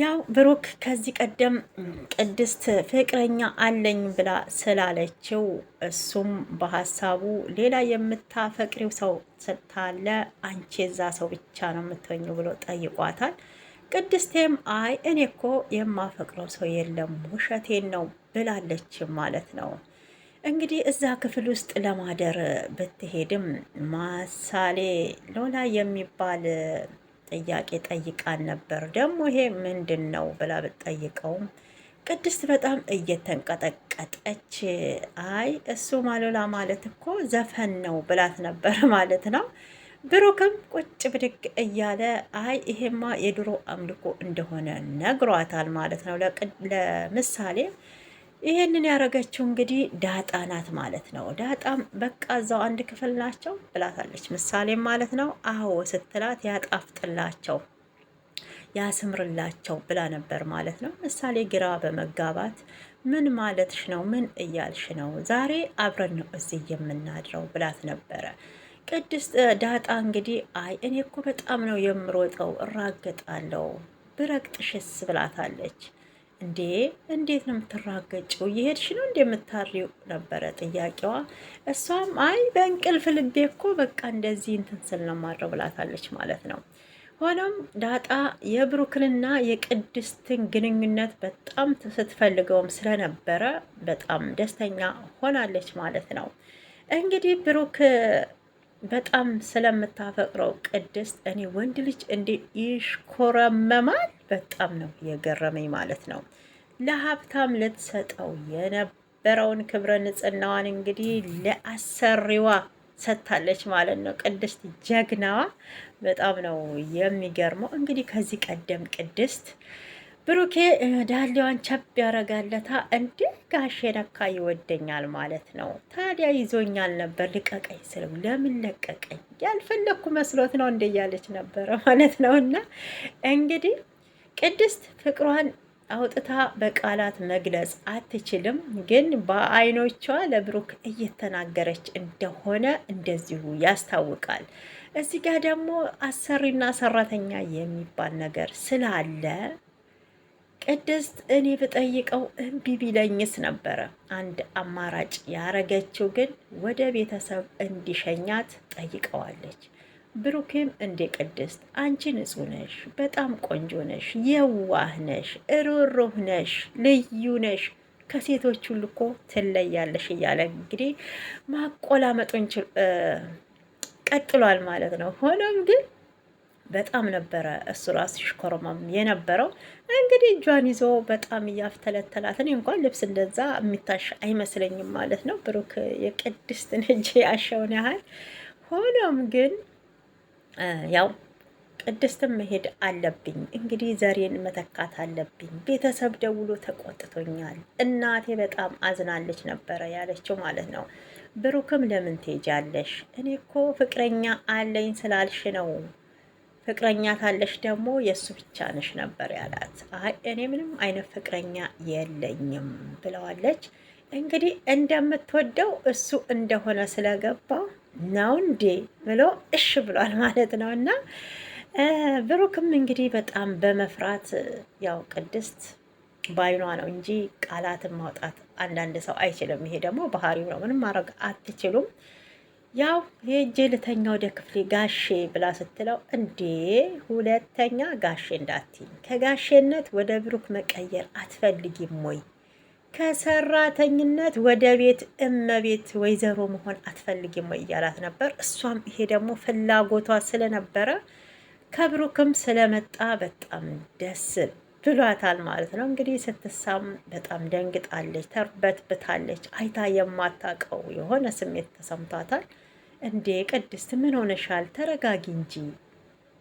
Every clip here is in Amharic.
ያው ብሩክ ከዚህ ቀደም ቅድስት ፍቅረኛ አለኝ ብላ ስላለችው እሱም በሀሳቡ ሌላ የምታፈቅሪው ሰው ስታለ አንቺ ዛ ሰው ብቻ ነው የምትወኙ ብሎ ጠይቋታል። ቅድስቴም አይ እኔ እኮ የማፈቅረው ሰው የለም ውሸቴን ነው ብላለች ማለት ነው። እንግዲህ እዛ ክፍል ውስጥ ለማደር ብትሄድም ማሳሌ ሎላ የሚባል ጥያቄ ጠይቃን ነበር። ደግሞ ይሄ ምንድን ነው ብላ ብትጠይቀውም ቅድስት በጣም እየተንቀጠቀጠች አይ እሱ ማሎላ ማለት እኮ ዘፈን ነው ብላት ነበር ማለት ነው። ብሩክም ቁጭ ብድግ እያለ አይ ይሄማ የድሮ አምልኮ እንደሆነ ነግሯታል ማለት ነው ለምሳሌ ይሄንን ያደረገችው እንግዲህ ዳጣ ናት ማለት ነው። ዳጣም በቃ እዛው አንድ ክፍል ናቸው ብላታለች። ምሳሌም ማለት ነው አዎ ስትላት ያጣፍጥላቸው ያስምርላቸው ብላ ነበር ማለት ነው። ምሳሌ ግራ በመጋባት ምን ማለትሽ ነው? ምን እያልሽ ነው? ዛሬ አብረን ነው እዚህ የምናድረው ብላት ነበረ። ቅድስት ዳጣ እንግዲህ አይ እኔ እኮ በጣም ነው የምሮጠው እራገጣለው? ብረግጥሽስ ብላታለች። እንዴ እንዴት ነው የምትራገጭው? እየሄድሽ ነው እንዴ የምታሪው ነበረ ጥያቄዋ። እሷም አይ በእንቅልፍ ልቤ እኮ በቃ እንደዚህ እንትን ስል ነው ማድረው ብላታለች ማለት ነው። ሆኖም ዳጣ የብሩክንና የቅድስትን ግንኙነት በጣም ስትፈልገውም ስለነበረ በጣም ደስተኛ ሆናለች ማለት ነው። እንግዲህ ብሩክ በጣም ስለምታፈቅረው ቅድስት እኔ ወንድ ልጅ እንዴ ይሽኮረመማል በጣም ነው የገረመኝ ማለት ነው። ለሀብታም ልትሰጠው የነበረውን ክብረ ንጽህናዋን እንግዲህ ለአሰሪዋ ሰጥታለች ማለት ነው። ቅድስት ጀግናዋ በጣም ነው የሚገርመው። እንግዲህ ከዚህ ቀደም ቅድስት ብሩኬ ዳሌዋን ቸብ ያረጋለታ እንዴ ጋሼ ነካ ይወደኛል ማለት ነው። ታዲያ ይዞኛል ነበር ልቀቀኝ ስለው ለምን ለቀቀኝ ያልፈለግኩ መስሎት ነው እንደ እያለች ነበረ ማለት ነው እና እንግዲህ ቅድስት ፍቅሯን አውጥታ በቃላት መግለጽ አትችልም፣ ግን በአይኖቿ ለብሩክ እየተናገረች እንደሆነ እንደዚሁ ያስታውቃል። እዚህ ጋር ደግሞ አሰሪና ሰራተኛ የሚባል ነገር ስላለ ቅድስት እኔ ብጠይቀው እምቢ ቢለኝስ ነበረ። አንድ አማራጭ ያረገችው ግን ወደ ቤተሰብ እንዲሸኛት ጠይቀዋለች። ብሩኬም እንዴ ቅድስት አንቺ ንጹህ ነሽ፣ በጣም ቆንጆ ነሽ፣ የዋህ ነሽ፣ እሩሩህ ነሽ፣ ልዩ ነሽ፣ ከሴቶች ሁሉ እኮ ትለያለሽ እያለ እንግዲህ ማቆላመጡን ቀጥሏል ማለት ነው። ሆኖም ግን በጣም ነበረ እሱ ራሱ ሽኮርማም የነበረው እንግዲህ እጇን ይዞ በጣም እያፍተለተላት። እኔ እንኳን ልብስ እንደዛ የሚታሽ አይመስለኝም ማለት ነው። ብሩክ የቅድስትን እጅ ያሸውን ያህል ሆኖም ግን ያው ቅድስትም መሄድ አለብኝ እንግዲህ ዘሬን መተካት አለብኝ። ቤተሰብ ደውሎ ተቆጥቶኛል፣ እናቴ በጣም አዝናለች ነበረ ያለችው ማለት ነው። ብሩክም ለምን ትሄጃለሽ? እኔ እኮ ፍቅረኛ አለኝ ስላልሽ ነው። ፍቅረኛ ታለሽ ደግሞ የእሱ ብቻ ነሽ ነበር ያላት። አይ እኔ ምንም አይነት ፍቅረኛ የለኝም ብለዋለች። እንግዲህ እንደምትወደው እሱ እንደሆነ ስለገባ ነው እንዴ ብሎ እሽ ብሏል ማለት ነው። እና ብሩክም እንግዲህ በጣም በመፍራት ያው ቅድስት ባይኗ ነው እንጂ ቃላትን ማውጣት አንዳንድ ሰው አይችልም። ይሄ ደግሞ ባህሪው ነው። ምንም ማድረግ አትችሉም። ያው የእጄ ልተኛ ወደ ክፍሌ ጋሼ ብላ ስትለው እንዴ ሁለተኛ ጋሼ እንዳትኝ ከጋሼነት ወደ ብሩክ መቀየር አትፈልጊም ወይ ከሰራተኝነት ወደ ቤት እመቤት ወይዘሮ መሆን አትፈልጊም ወይ እያላት ነበር። እሷም ይሄ ደግሞ ፍላጎቷ ስለነበረ ከብሩክም ስለመጣ በጣም ደስ ብሏታል ማለት ነው። እንግዲህ ስትሳም በጣም ደንግጣለች፣ ተርበትብታለች። አይታ የማታውቀው የሆነ ስሜት ተሰምቷታል። እንዴ ቅድስት ምን ሆነሻል? ተረጋጊ እንጂ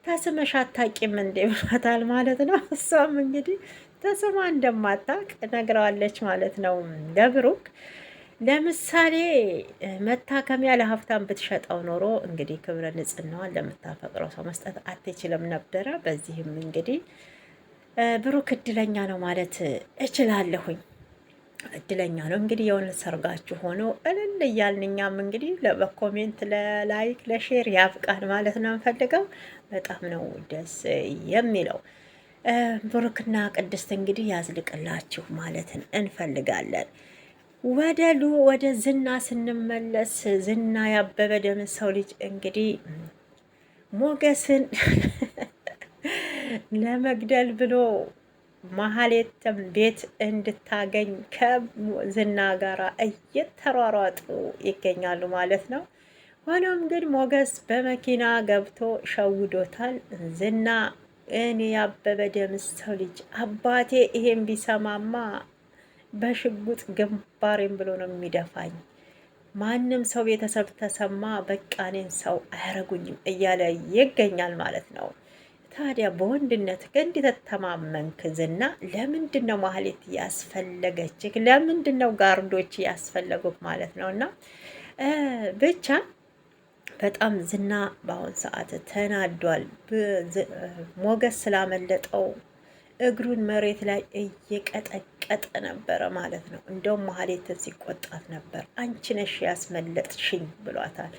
ተስመሽ አታውቂም እንዴ ብሏታል ማለት ነው። እሷም እንግዲህ ተስማ እንደማታቅ ነግረዋለች ማለት ነው ለብሩክ። ለምሳሌ መታከሚያ ለሀብታም ብትሸጠው ኖሮ እንግዲህ ክብረ ንጽህናዋን ለምታፈቅረው ሰው መስጠት አትችልም ነበረ። በዚህም እንግዲህ ብሩክ እድለኛ ነው ማለት እችላለሁኝ። እድለኛ ነው እንግዲህ የሆነ ሰርጋችሁ ሆኖ እልል እያልን እኛም እንግዲህ በኮሜንት ለላይክ ለሼር ያብቃን ማለት ነው የምንፈልገው። በጣም ነው ደስ የሚለው። ብሩክና ቅድስት እንግዲህ ያዝልቅላችሁ ማለትን እንፈልጋለን። ወደ ሉ ወደ ዝና ስንመለስ ዝና ያበበ ደም ሰው ልጅ እንግዲህ ሞገስን ለመግደል ብሎ መሀሌትም ቤት እንድታገኝ ከዝና ጋራ እየተሯሯጡ ይገኛሉ ማለት ነው። ሆኖም ግን ሞገስ በመኪና ገብቶ ሸውዶታል ዝና እኔ ያበበ ደምስ ሰው ልጅ አባቴ ይሄን ቢሰማማ በሽጉጥ ግንባሬን ብሎ ነው የሚደፋኝ። ማንም ሰው ቤተሰብ ተሰማ በቃ እኔን ሰው አያረጉኝም እያለ ይገኛል ማለት ነው። ታዲያ በወንድነት እንደተተማመንክ ዝና፣ ለምንድን ነው ማህሌት ያስፈለገችህ? ለምንድን ነው ጋርዶች ያስፈለጉት ማለት ነው እና ብቻ በጣም ዝና በአሁን ሰዓት ተናዷል። ሞገስ ስላመለጠው እግሩን መሬት ላይ እየቀጠቀጠ ነበረ ማለት ነው። እንደውም ማህሌትን ሲቆጣት ነበር። አንቺ ነሽ ያስመለጥሽኝ ብሏታል።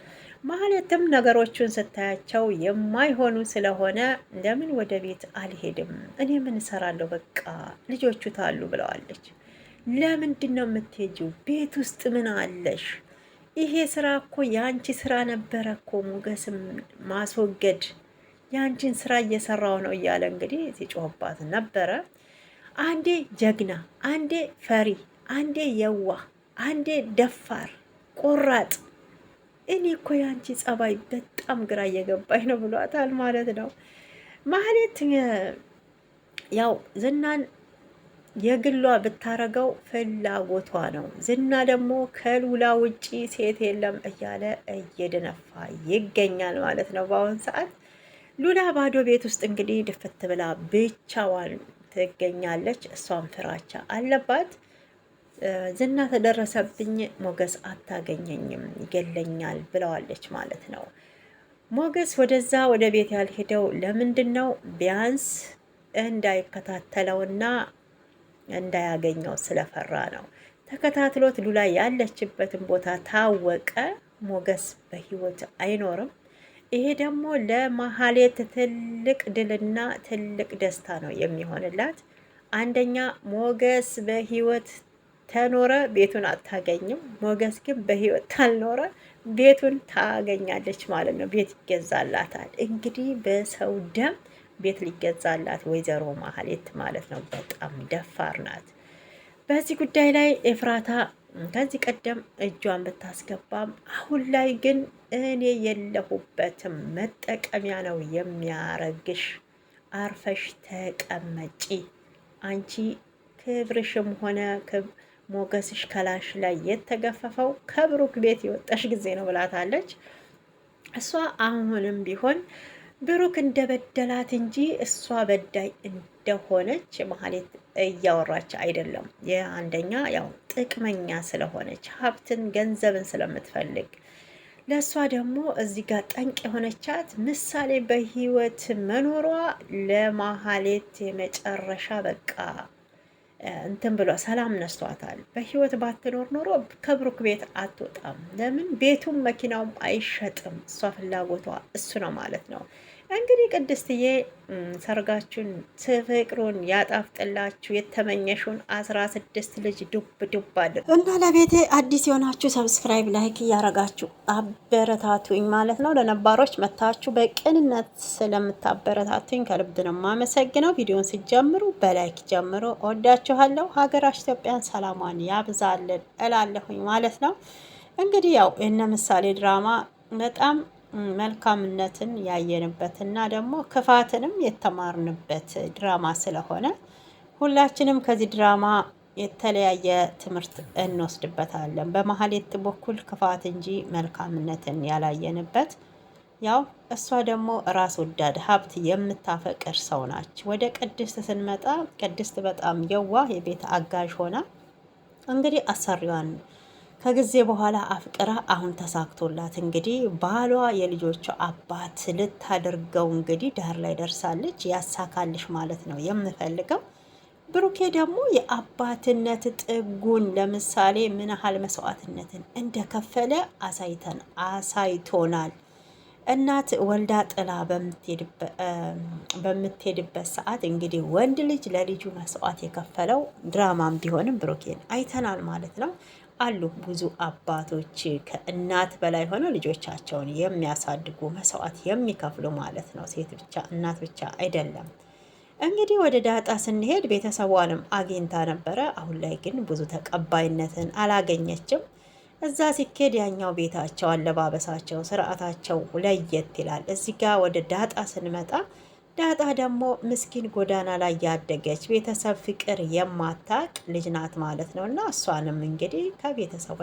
ማህሌትም ነገሮቹን ስታያቸው የማይሆኑ ስለሆነ ለምን ወደ ቤት አልሄድም እኔ ምን እሰራለሁ፣ በቃ ልጆቹ ታሉ ብለዋለች። ለምንድን ነው የምትሄጂው? ቤት ውስጥ ምን አለሽ? ይሄ ስራ እኮ የአንቺ ስራ ነበረ እኮ ሞገስም ማስወገድ የአንቺን ስራ እየሰራው ነው እያለ እንግዲህ ሲጮህባት ነበረ። አንዴ ጀግና፣ አንዴ ፈሪ፣ አንዴ የዋ አንዴ ደፋር ቆራጥ። እኔ እኮ የአንቺ ጸባይ በጣም ግራ እየገባኝ ነው ብሏታል ማለት ነው። ማህሌት ያው ዝናን የግሏ ብታረገው ፍላጎቷ ነው። ዝና ደግሞ ከሉላ ውጪ ሴት የለም እያለ እየደነፋ ይገኛል ማለት ነው። በአሁን ሰዓት ሉላ ባዶ ቤት ውስጥ እንግዲህ ድፍት ብላ ብቻዋን ትገኛለች። እሷም ፍራቻ አለባት። ዝና ተደረሰብኝ፣ ሞገስ አታገኘኝም፣ ይገለኛል ብለዋለች ማለት ነው። ሞገስ ወደዛ ወደ ቤት ያልሄደው ለምንድን ነው? ቢያንስ እንዳይከታተለውና እንዳያገኘው ስለፈራ ነው። ተከታትሎት ሉላ ያለችበትን ቦታ ታወቀ። ሞገስ በህይወት አይኖርም። ይሄ ደግሞ ለማህሌት ትልቅ ድልና ትልቅ ደስታ ነው የሚሆንላት። አንደኛ ሞገስ በህይወት ተኖረ ቤቱን አታገኝም። ሞገስ ግን በህይወት ታልኖረ ቤቱን ታገኛለች ማለት ነው። ቤት ይገዛላታል። እንግዲህ በሰው ደም ቤት ሊገዛላት ወይዘሮ ማህሌት ማለት ነው። በጣም ደፋር ናት። በዚህ ጉዳይ ላይ ኤፍራታ ከዚህ ቀደም እጇን ብታስገባም አሁን ላይ ግን እኔ የለሁበትም መጠቀሚያ ነው የሚያረግሽ፣ አርፈሽ ተቀመጪ። አንቺ ክብርሽም ሆነ ሞገስሽ ከላሽ ላይ የተገፈፈው ከብሩክ ቤት የወጣሽ ጊዜ ነው ብላታለች። እሷ አሁንም ቢሆን ብሩክ እንደበደላት እንጂ እሷ በዳይ እንደሆነች መሀሌት እያወራች አይደለም። የአንደኛ ያው ጥቅመኛ ስለሆነች ሀብትን፣ ገንዘብን ስለምትፈልግ ለእሷ ደግሞ እዚህ ጋር ጠንቅ የሆነቻት ምሳሌ በህይወት መኖሯ ለማሀሌት የመጨረሻ በቃ እንትን ብሎ ሰላም ነስቷታል። በህይወት ባትኖር ኖሮ ከብሩክ ቤት አትወጣም። ለምን ቤቱም መኪናውም አይሸጥም። እሷ ፍላጎቷ እሱ ነው ማለት ነው። እንግዲህ ቅድስትዬ ሰርጋችሁን ፍቅሩን ያጣፍጥላችሁ የተመኘሹን አስራ ስድስት ልጅ ዱብ ዱብ አለ እና ለቤቴ አዲስ የሆናችሁ ሰብስክራይብ ላይክ እያረጋችሁ አበረታቱኝ ማለት ነው። ለነባሮች መታችሁ በቅንነት ስለምታበረታቱኝ ከልብ ነው የማመሰግነው። ቪዲዮን ሲጀምሩ በላይክ ጀምሩ። ወዳችኋለሁ ሀገራች ኢትዮጵያን ሰላሟን ያብዛልን እላለሁኝ ማለት ነው። እንግዲህ ያው እነ ምሳሌ ድራማ በጣም መልካምነትን ያየንበት እና ደግሞ ክፋትንም የተማርንበት ድራማ ስለሆነ ሁላችንም ከዚህ ድራማ የተለያየ ትምህርት እንወስድበታለን። በማህሌት በኩል ክፋት እንጂ መልካምነትን ያላየንበት ያው እሷ ደግሞ ራስ ወዳድ ሀብት የምታፈቅር ሰው ናች። ወደ ቅድስት ስንመጣ ቅድስት በጣም የዋህ የቤት አጋዥ ሆና እንግዲህ አሰሪዋን ከጊዜ በኋላ አፍቅራ አሁን ተሳክቶላት እንግዲህ ባሏ የልጆቹ አባት ልታደርገው እንግዲህ ዳር ላይ ደርሳለች። ያሳካልሽ ማለት ነው የምፈልገው። ብሩኬ ደግሞ የአባትነት ጥጉን ለምሳሌ ምን ያህል መስዋዕትነትን እንደከፈለ አሳይተን አሳይቶናል። እናት ወልዳ ጥላ በምትሄድበት ሰዓት እንግዲህ ወንድ ልጅ ለልጁ መስዋዕት የከፈለው ድራማም ቢሆንም ብሩኬን አይተናል ማለት ነው። አሉ ብዙ አባቶች ከእናት በላይ ሆነው ልጆቻቸውን የሚያሳድጉ መስዋዕት የሚከፍሉ ማለት ነው። ሴት ብቻ እናት ብቻ አይደለም። እንግዲህ ወደ ዳጣ ስንሄድ ቤተሰቧንም አግኝታ ነበረ። አሁን ላይ ግን ብዙ ተቀባይነትን አላገኘችም። እዛ ሲኬድ ያኛው ቤታቸው፣ አለባበሳቸው፣ ስርዓታቸው ለየት ይላል። እዚህ ወደ ዳጣ ስንመጣ ዳጣ ደግሞ ምስኪን ጎዳና ላይ ያደገች ቤተሰብ ፍቅር የማታቅ ልጅ ናት ማለት ነው። እና እሷንም እንግዲህ ከቤተሰቧ